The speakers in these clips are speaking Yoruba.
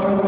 Thank you.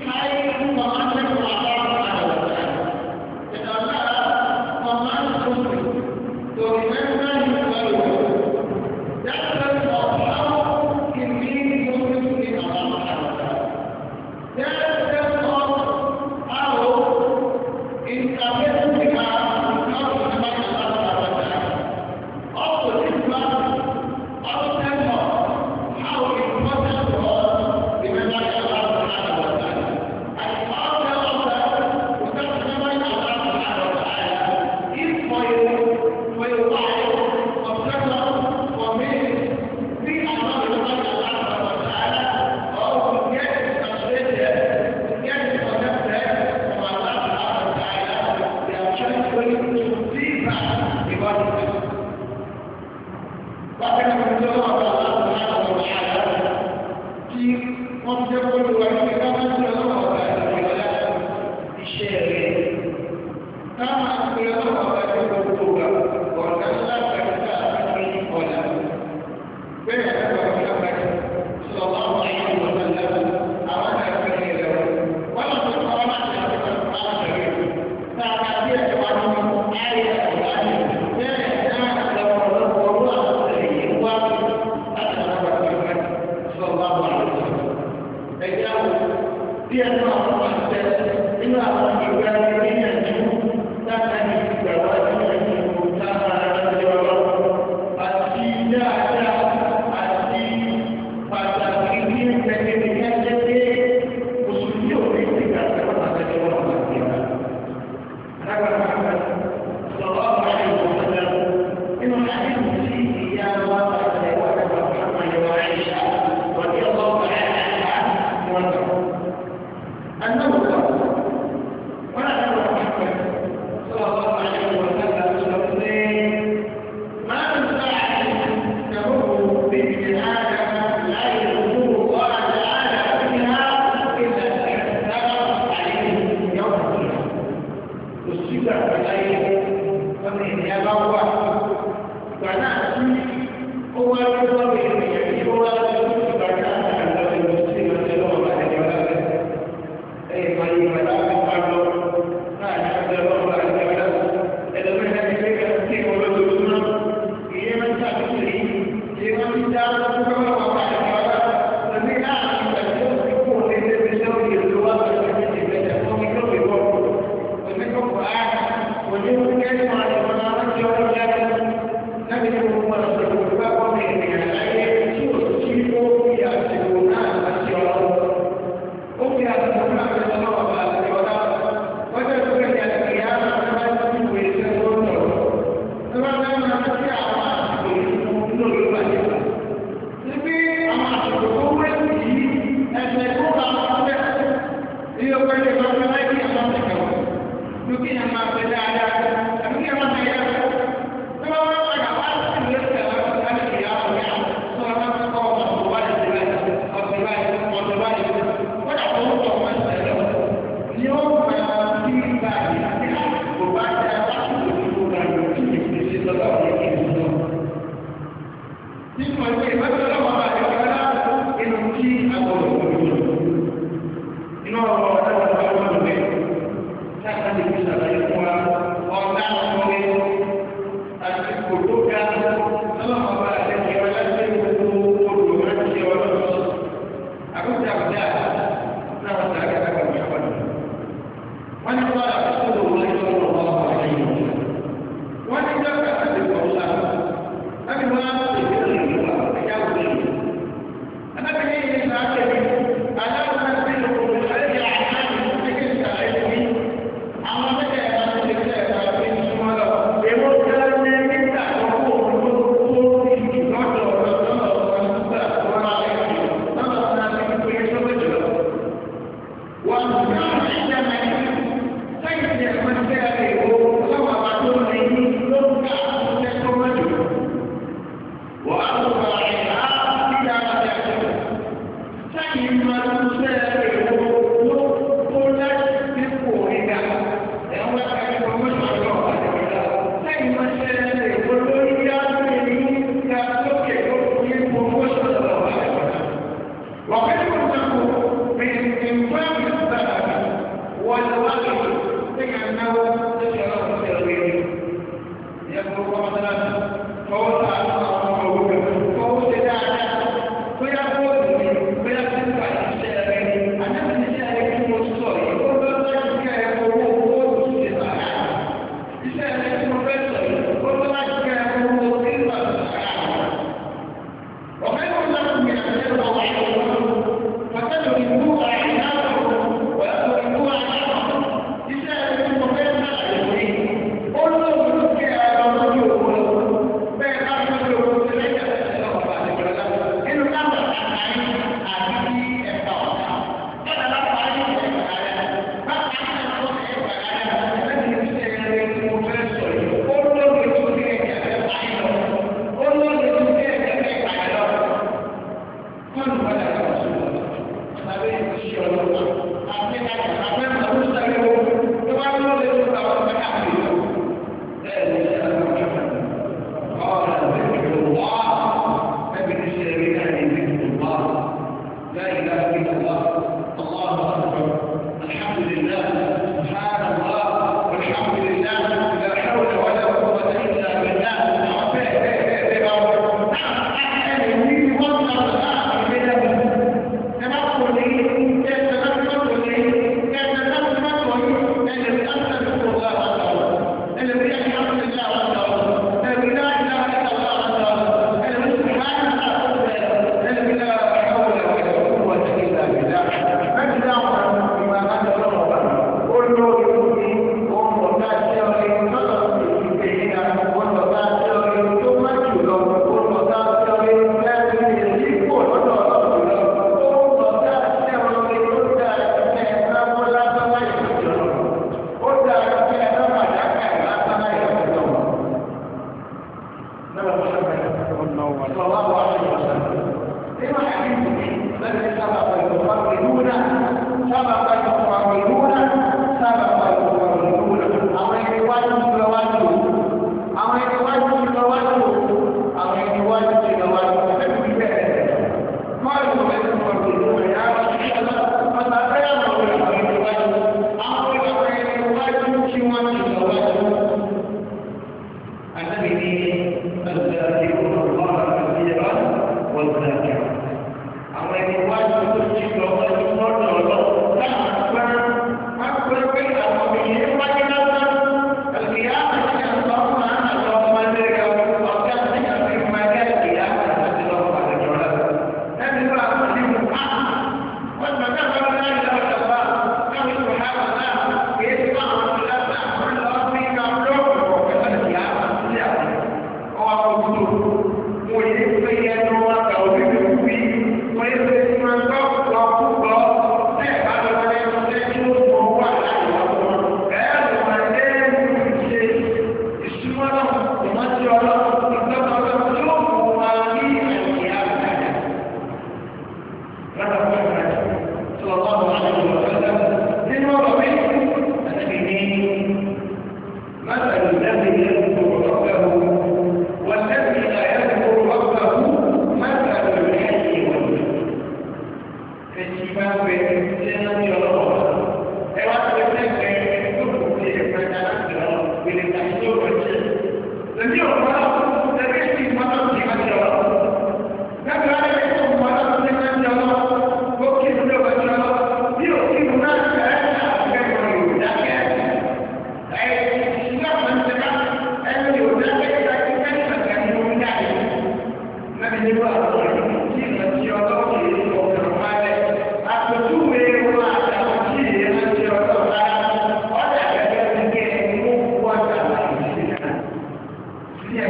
máa ń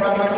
bá máa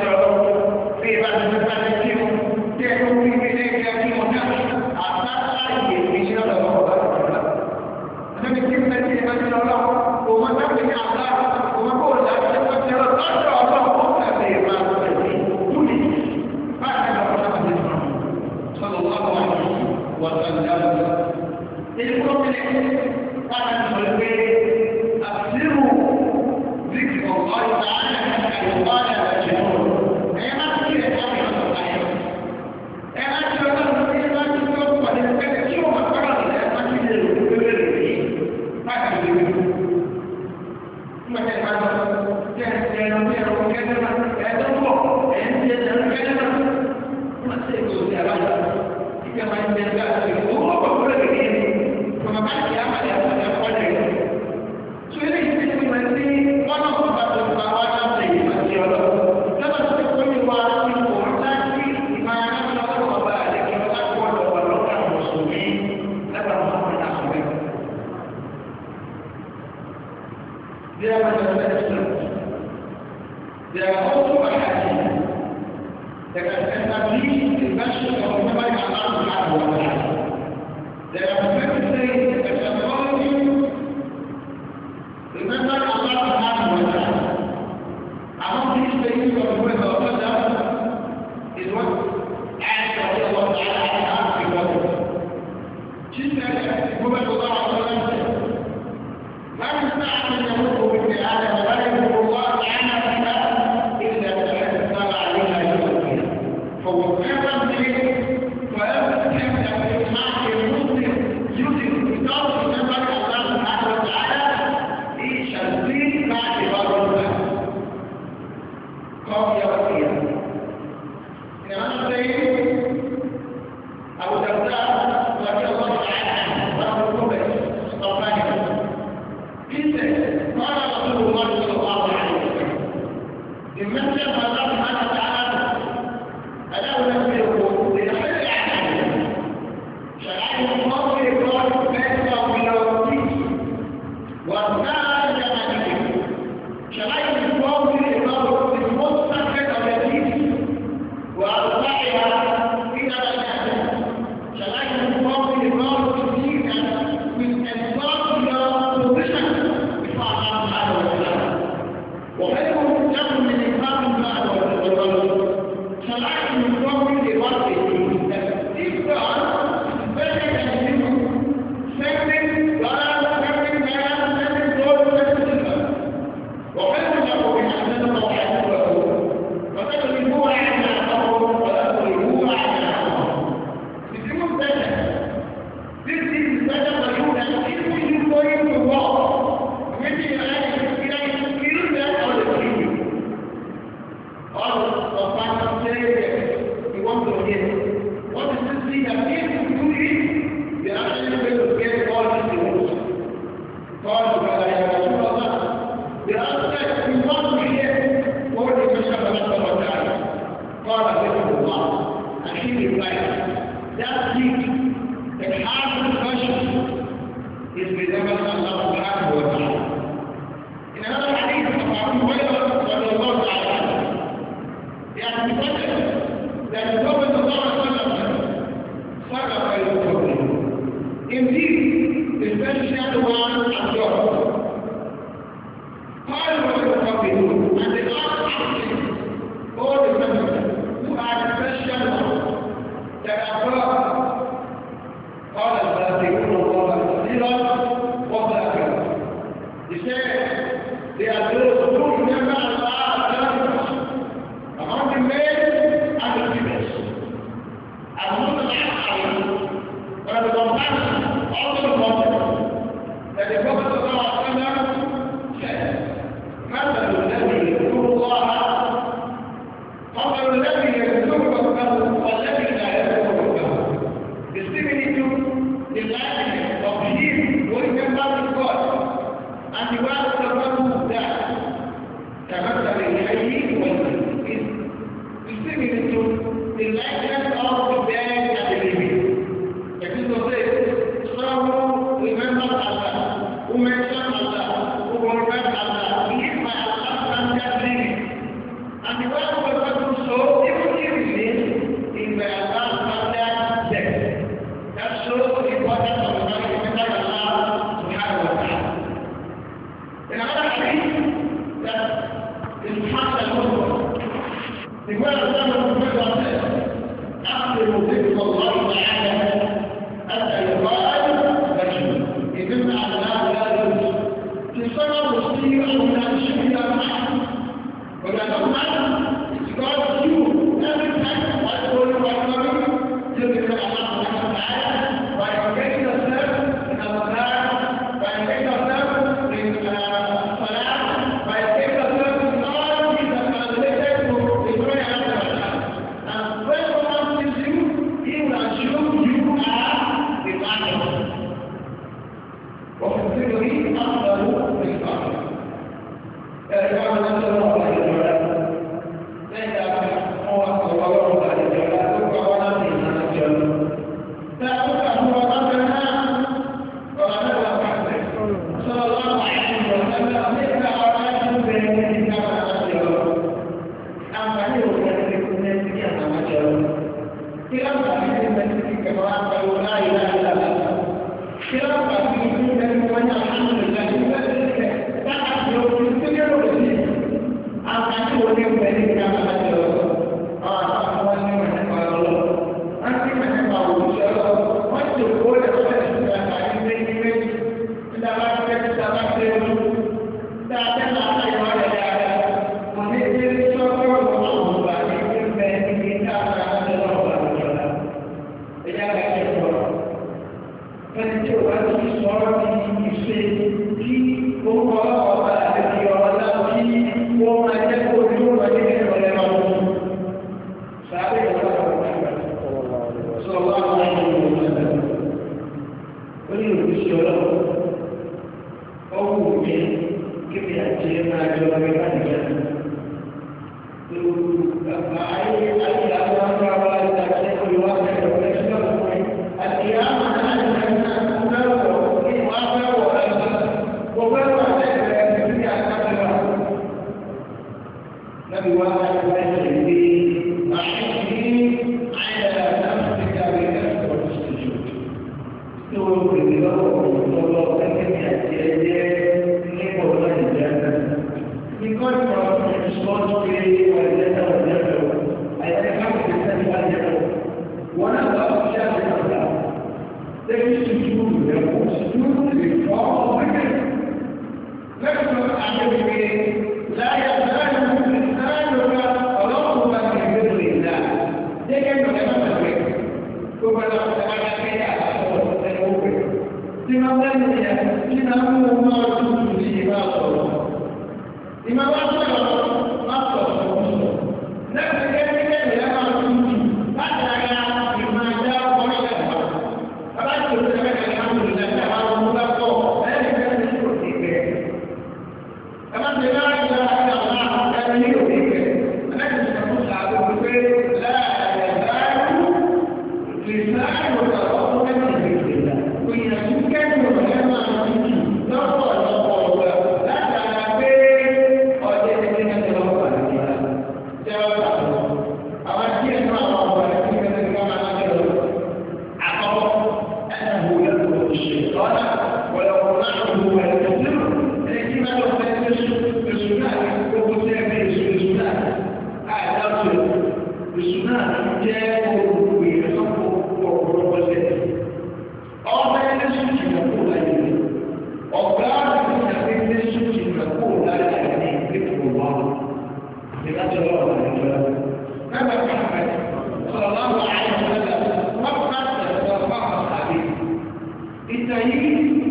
Thank you.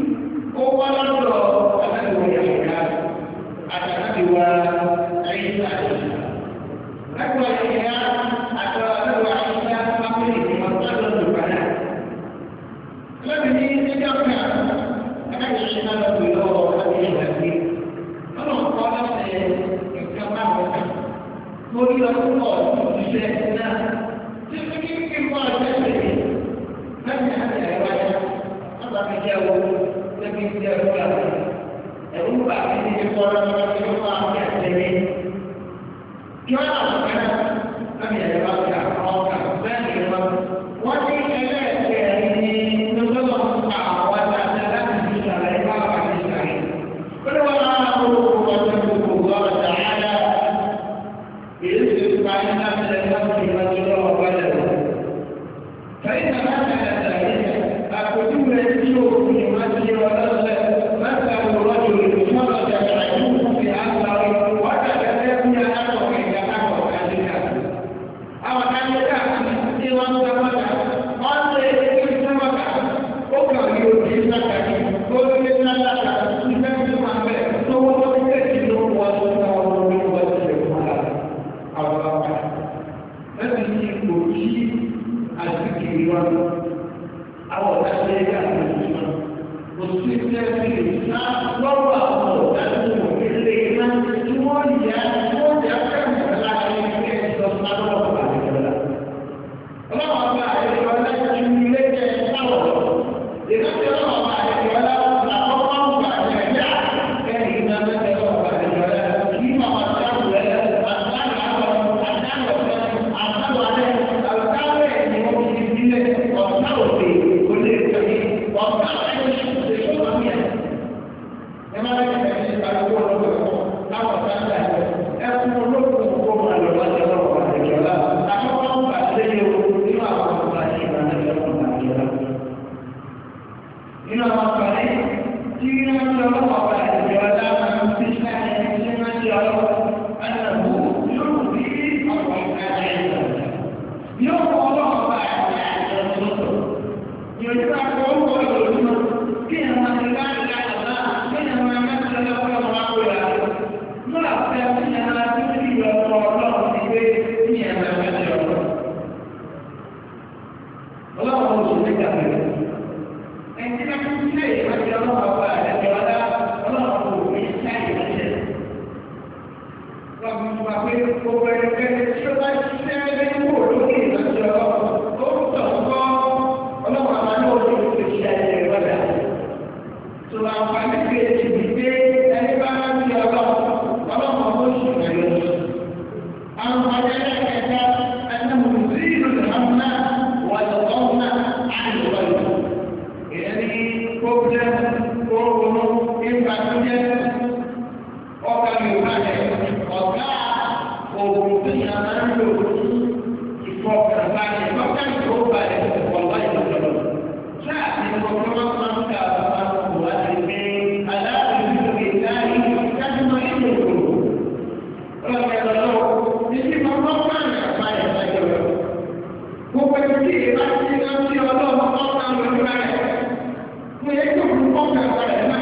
tí ìrántí rántí ọlọ́run ọ̀sán lójú rẹ̀ fún ẹjọ́ fún ọ̀sán rẹ̀ náà.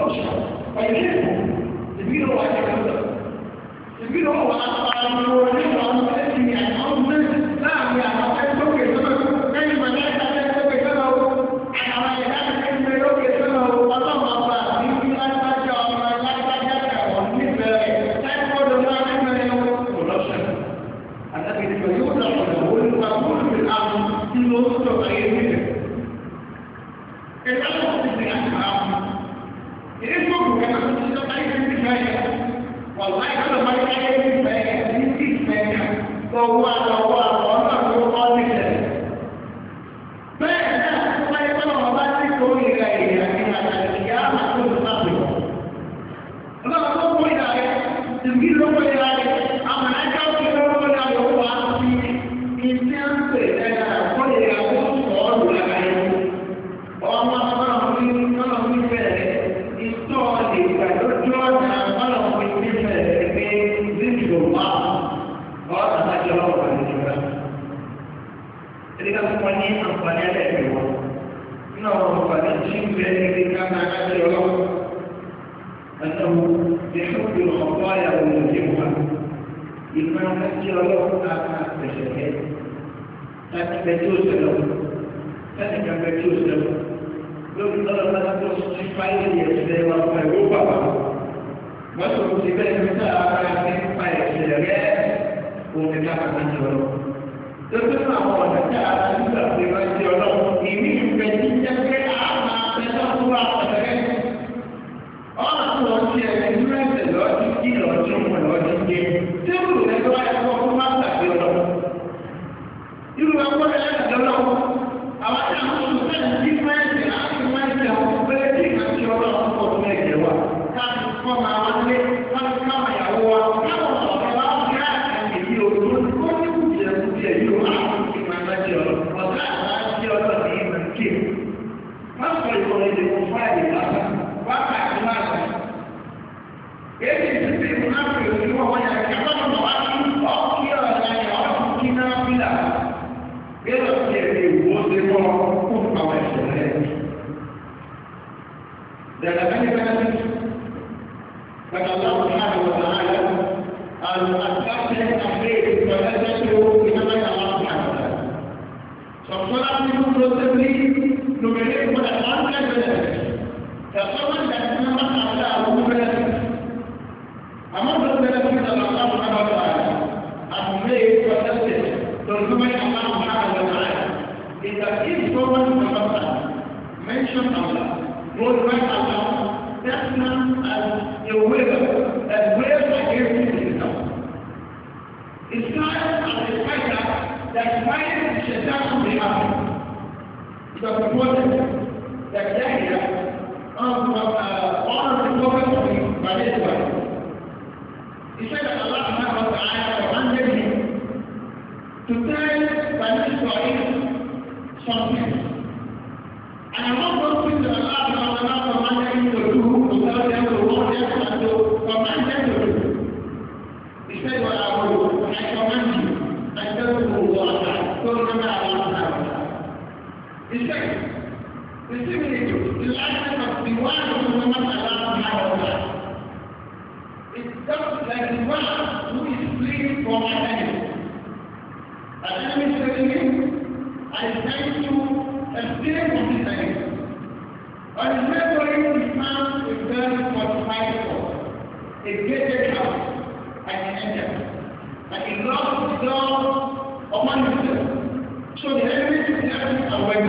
option. By example, if you know what you're doing, if you know what I'm doing, if you know what I'm doing, if you know what I'm doing, Receive it. The likeness of the one who remembers Allah subhanahu It's just like the one who is fleeing from an enemy. An enemy telling him, I sent you escape from this enemy. Or is neighboring the man a very fortified fort, a gated house, and an enter. And he locks the door upon himself. So the enemy is left away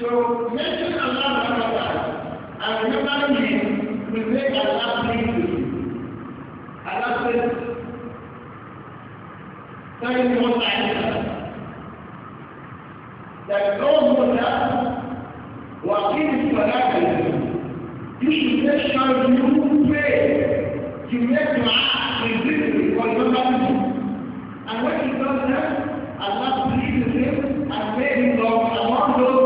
So mention Allah Ta'ala and remember Him will make Allah pleased with you. Allah says, tell you what I am. That those who have walking for that you should make sure you pray. You make your act resist for your family. And when he does that, Allah pleases him and made him love among those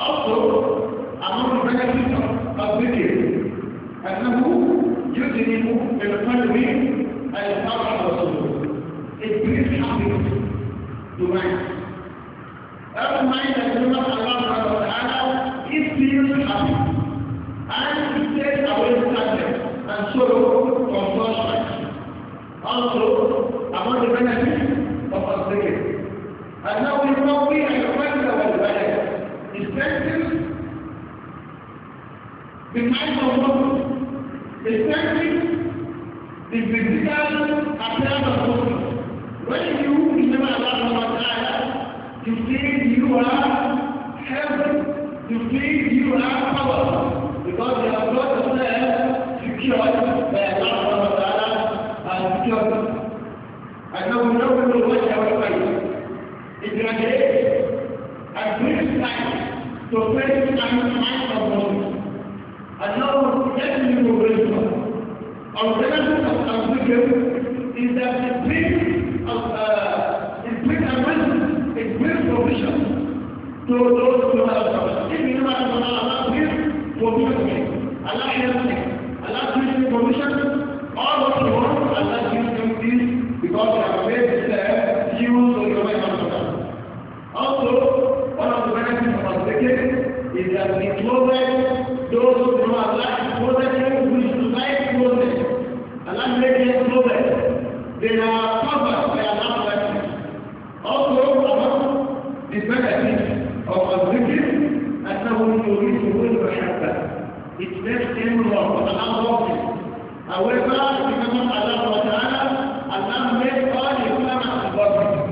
Also, among a benefits of can zikr, أنه يجلب القلب الفرح والسرور. It brings happiness to mind. Every mind that knows Allah subhanahu wa ta'ala, it feels happy. And it takes away sadness and sorrow from such Also, among a benefits of and now zikr, أنه يقوي القلب والبدن. It the mind of God. It the physical appearance of God. When you remember Allah Ta'ala, you think you are healthy. You think you are powerful. Because you have got yourself secured by of Ta'ala and secured. And now we know what you are fighting. It graduates. a great light to face and mind of knowledge. Allah let me know wisdom. Our benefit of Tawfiqim is that the bring of uh, it brings a wisdom, it brings provision to those who have provision. If you never have Allah brings provision, Allah helps you, Allah gives you provision. All what you want, Allah gives you this because you have made the use of your life. Also, one of the benefits of zikr is that we clothe those who know Allah, clothe them who is to like clothe. Allah made them clothe. They are covered by Allah's blessings. Also, among the benefits of zikr, أنه يريده المحبة. It makes them love, Allah loves it. However, because of Allah wa ta'ala, Allah made all the Ulama and Prophet.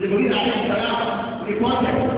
The Buddha alayhi salam reported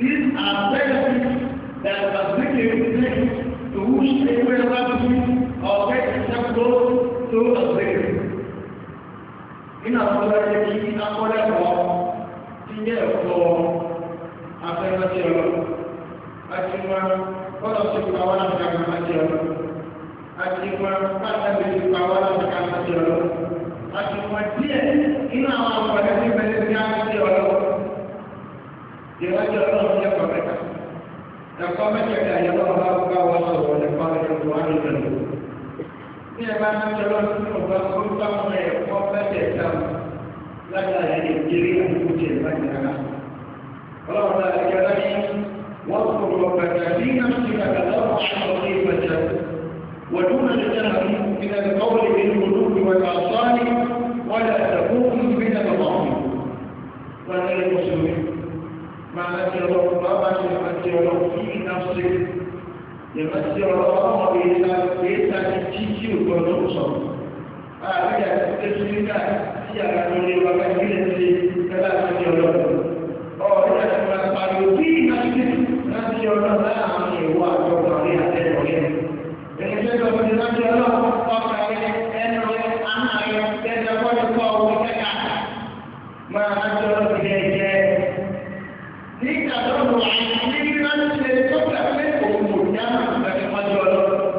These are places that facilitate to which every person or person goes to avail. Nínú àkọlẹ́ yẹ kí akọlẹ́ kọ́ ti yẹ ẹ̀kọ́ afẹ́fẹ́ lọ. Àti wọn kọ́lọ̀ sí pa wá láti ká the jẹ lọ. Àti wọn pàtàkì sí pa wá láti ká máa jẹ lọ. Àti wọn díẹ̀ nínú àwọn àkọlẹ́ tí bẹ̀rẹ̀ sí á ti jẹ lọ. ìrántí ọlọ́run lẹ́kọ̀ọ́ mẹ́ta ẹ̀kọ́ mẹ́tẹ̀ẹ̀ta yẹn lọ́wọ́ bá bá wà sọ̀rọ̀ nípa ẹ̀kọ́ àdìgbò ní ẹ̀ bá ń rántí ọlọ́run tí mo bá kó bá wọn ẹ̀kọ́ mẹ́tẹ̀ẹ̀ta látàrí nàìjíríà tó jẹ ìbájára ọlọ́run náà ẹ̀jẹ̀ láyé wọ́n kò lọ bàtà bí náà ti bàtà lọ́wọ́ àwọn ìbàjá ودون الجهل من القول بالقلوب والأعصاب ولا تكون من المعصية وأنا المسلمين máa rántí ọlọ́run bá bá ṣe rántí ọlọ́run kí iná ṣe ìrántí ọlọ́run ọmọ ìlà ìlà ti jí sí òkú ọdún sọ. àbí àtúntò sí nígbà tí àgbà tó lé wa kájú lè ṣe kẹ́lá tó ní ọlọ́run. ọ̀rọ̀ ìjà ti máa pariwo kí iná ṣe rántí ọlọ́run láàárín ìwọ àtọ́gbọ̀n rí àtẹ́kọ̀ọ́ yẹn. ẹ̀yẹ́dẹ́ tó ti rántí ọlọ́run ọkàn rẹ ẹnu rẹ àná rẹ tẹ́lẹ̀ fọ́ máa ń sọ̀rọ̀ ìdẹ́ jẹ́ ní ìdájọ́ ọ̀rọ̀ àìsí ní ìrántí lè tó kàwé òun kò dáhùn ìgbàgbọ́ ọlọ́run.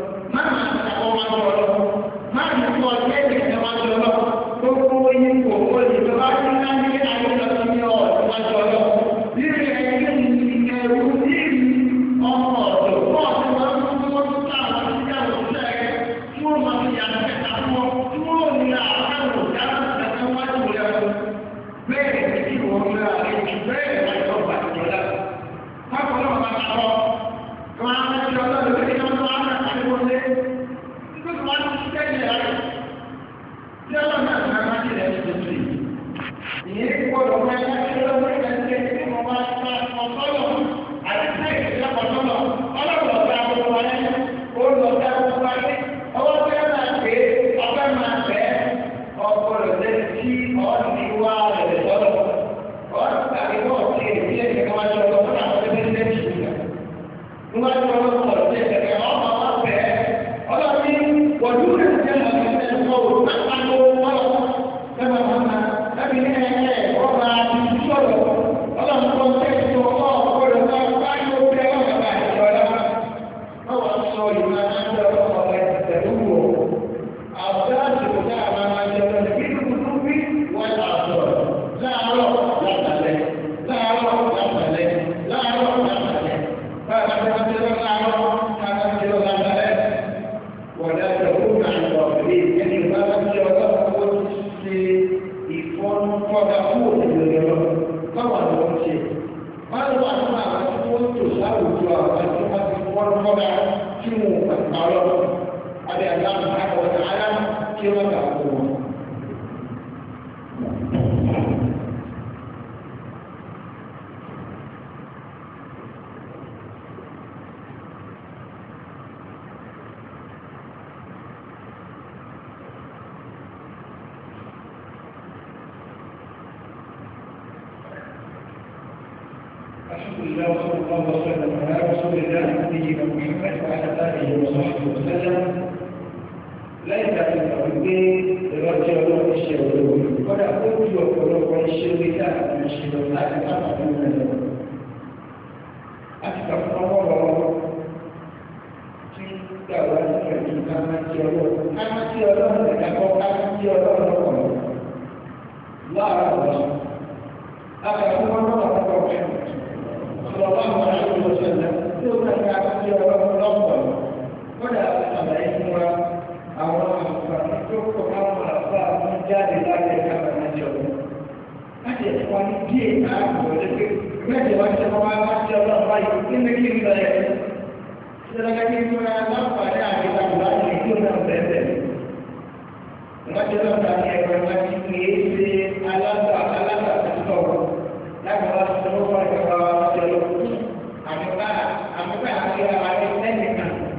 عليها عليه نهما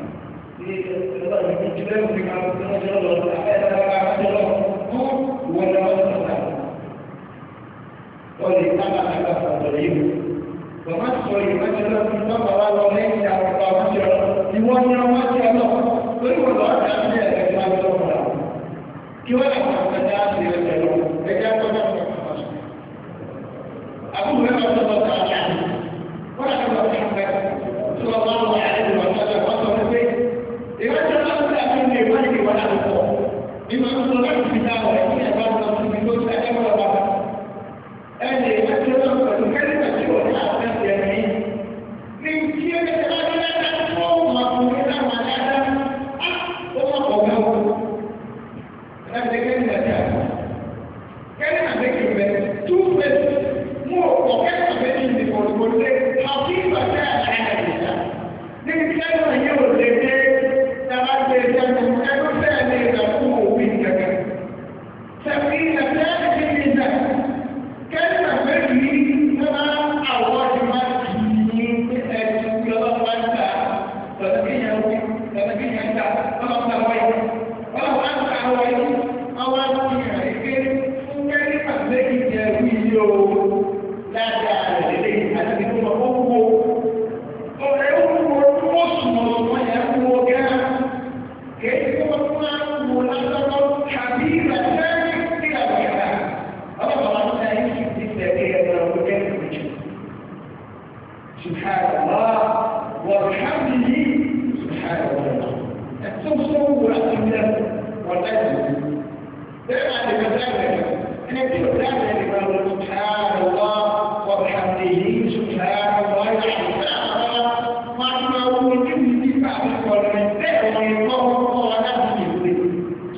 للجبال في معرض الرجل ولا ولتقع على صدرهم ومن صلبت له الثمرة وليس أعطى مجرى لوجه وجه له فالوضع تعمل الأجوال الأخرى كما نحن نتعامل الأجوال إذا كنا أبو هريرة رضي الله عنه ورحمة محمد الأمر نقول الأمر لله سبحان الله وبحمده سبحان الله سبحان الله ما تقول مني بعد كل من تأوي الله ونفسه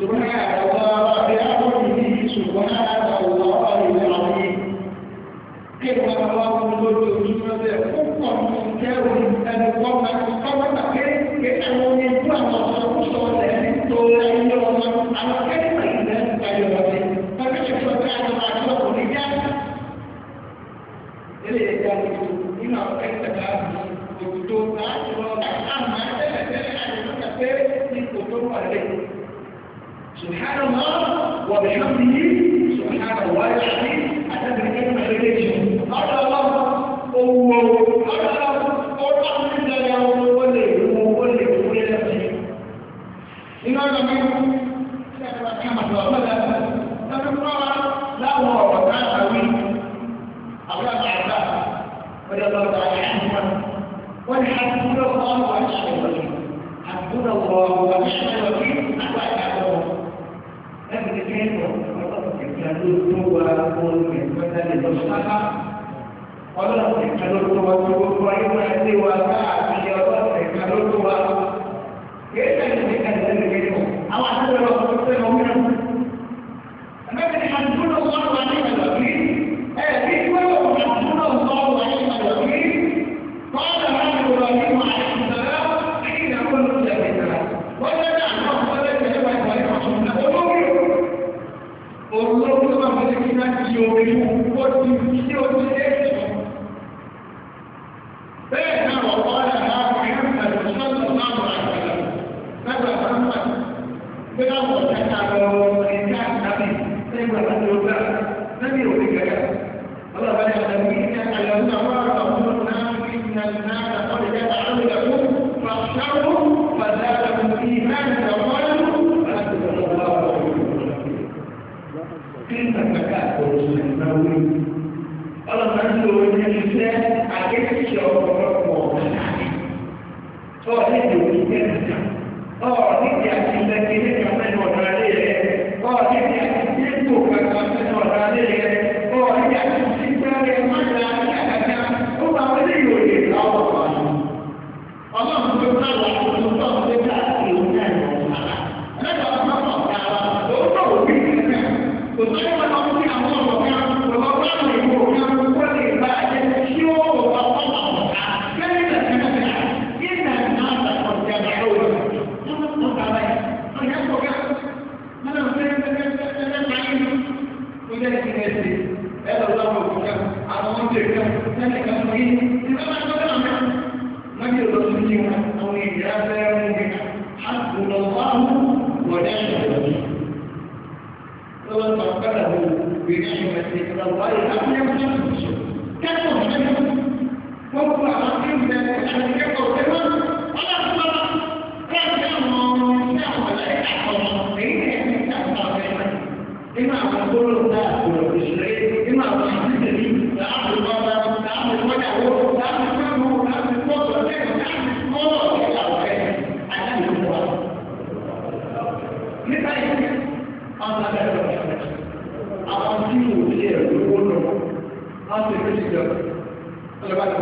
سبحان الله بأمره سبحان الله العظيم كيف الله يقول لك أنت أن تكون محمد كما هو تتعلم الإنسان نبي سيما تقول نبي وبكذا الله بل الذين يتعلمون ما تقولون إن الناس قد جمعوا لكم فاخشوهم فزادهم إيمانا وقالوا أنزل الله كيف تكاثر النووي الله نزل من الإنسان عليك شعور ربه ومنعه فهذه الإنسان àwọn abẹ́rẹ́ rẹ̀ àwọn tí kò lè lówó lọ wọ́n ti fi ṣe ọlọ́ba lọ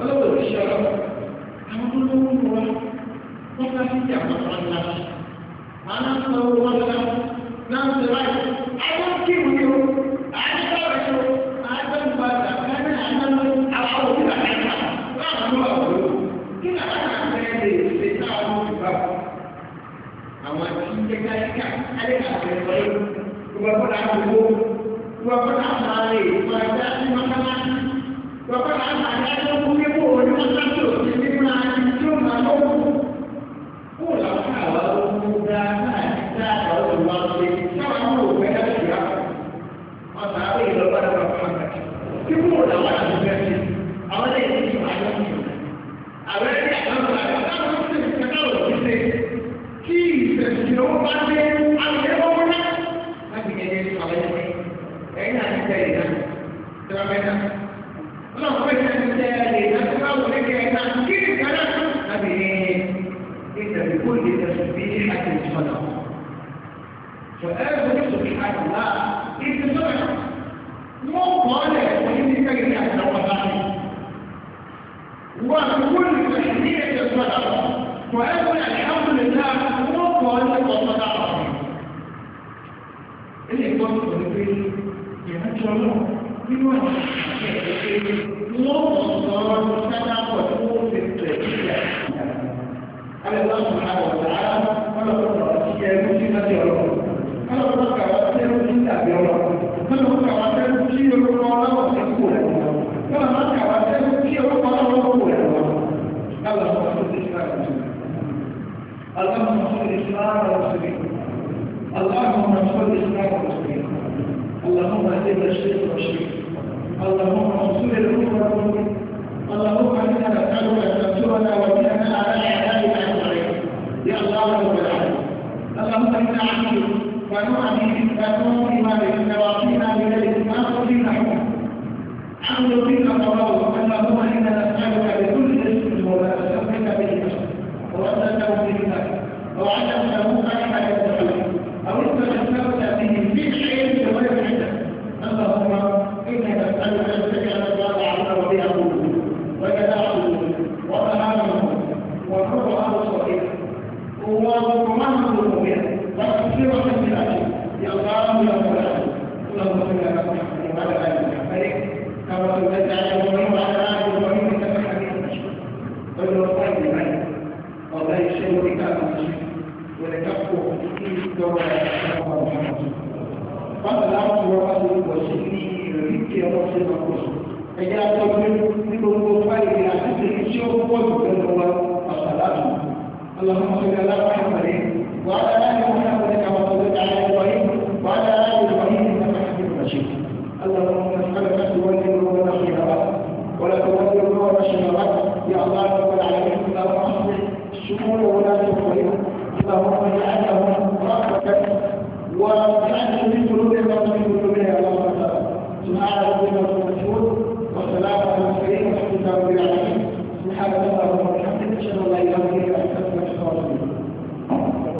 ọlọ́ba ti ṣe ọlọ́ba àwọn tó àwọn tí ń tẹ́ka ẹ̀ka ẹ̀ka ọ̀rẹ́ wọlé ìwà kọ́ta àgbo ìwà kọ́ta àmàlè ìwà ẹ̀dá ìmọ̀tàmá ìwà kọ́ta àmàlè àdókò kébò onímọ̀tàmá òsì nínú àti tí ó máa lọ́wọ́ kó làwọn àwa ọmọ dá náà ti dá àwọn olùwà ṣe káwọn ọmọ òwe náà ṣe wá ọ̀tà àwọn ìlọ́wọ́ àti àwọn ọmọ kàkà kébò làwọn àti bẹ́ẹ̀ ṣe àwọn ẹ̀yìn ti máa lọ́wọ́ àwọn ẹ̀yìn àwọn ọmọ àti àwọn ọmọ kí ìfẹ̀sìn ló bá dé ayé lọ́wọ́ náà láti ẹ̀yẹ ìfàlẹ́ ẹ̀yìn àti ìfẹ́ ìdá ìjọba mẹ́ta. ọlọ́run fún ìfẹ́ ti tẹ ẹ̀yẹ ìdá tó bá wọlé kẹ ẹ̀ta kí ni kan náà láti ẹ̀yẹ ìtẹ̀lẹ́ kó lè tẹ̀sí bí àti ìfọ̀nà. sọ ẹ ẹ wọlé sọ fún àtúnlá ìfẹ́ sọ̀rọ̀ wọ́n kọ́ ọ́ lẹ̀ wọ́n ní ìfẹ́ ìdá àti àwọn ọ̀la فأقول الحمد لله مطلق وأنا قصد أعرف إلي قصد أقول يا أجل من وين وصل سنة وتقول في التأكيد على الله سبحانه وتعالى ولا قدر أشياء مسلمة يرون ولا قدر أشياء مسلمة يرون ولا قدر أشياء مسلمة يرون ولا قدر أشياء مسلمة يرون الله سبحانه وتعالى اللهم انصر الإسلام والمسلمين اللهم انصر الإسلام والمسلمين اللهم اهدنا الشرك والشرك اللهم انصر الأمة والمسلمين اللهم إنا نسألك أن تنصرنا وتعنا على أعدائك أجمعين يا الله رب العالمين اللهم إنا عبيد ونعمي ونعمي بك نواصينا بذلك ما قضينا حكمك حمد فينا قضاء اللهم إنا نسألك بكل اسم ولا نسألك به نفسك وأنه بالله أو علمه أحد يدعوه أو استمتعت به في العلم أما هو إنك تسألك أن تجعل